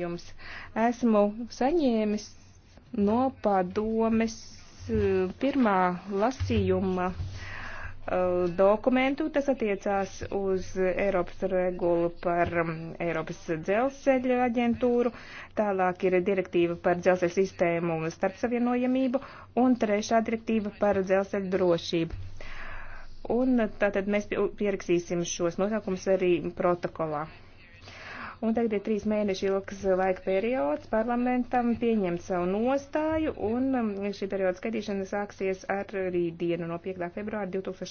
jautājums. Esmu saņēmis no padomes eh, pirmā lasījuma eh, dokumentu. Tas attiecās uz Eiropas regulu par mm, Eiropas dzelzceļa aģentūru, tālāk ir direktīva par dzelzceļa sistēmu un starpsavienojamību un trešā direktīva par dzelzceļa drošību. Un eh, tātad mēs pierakstīsim šos nosaukumus arī protokolā. Un tagad ir trīs mēneši ilgs laika periods parlamentam pieņemt savu nostāju, un um, šī perioda skatīšana sāksies ar rītdienu no 5. februāra 2000.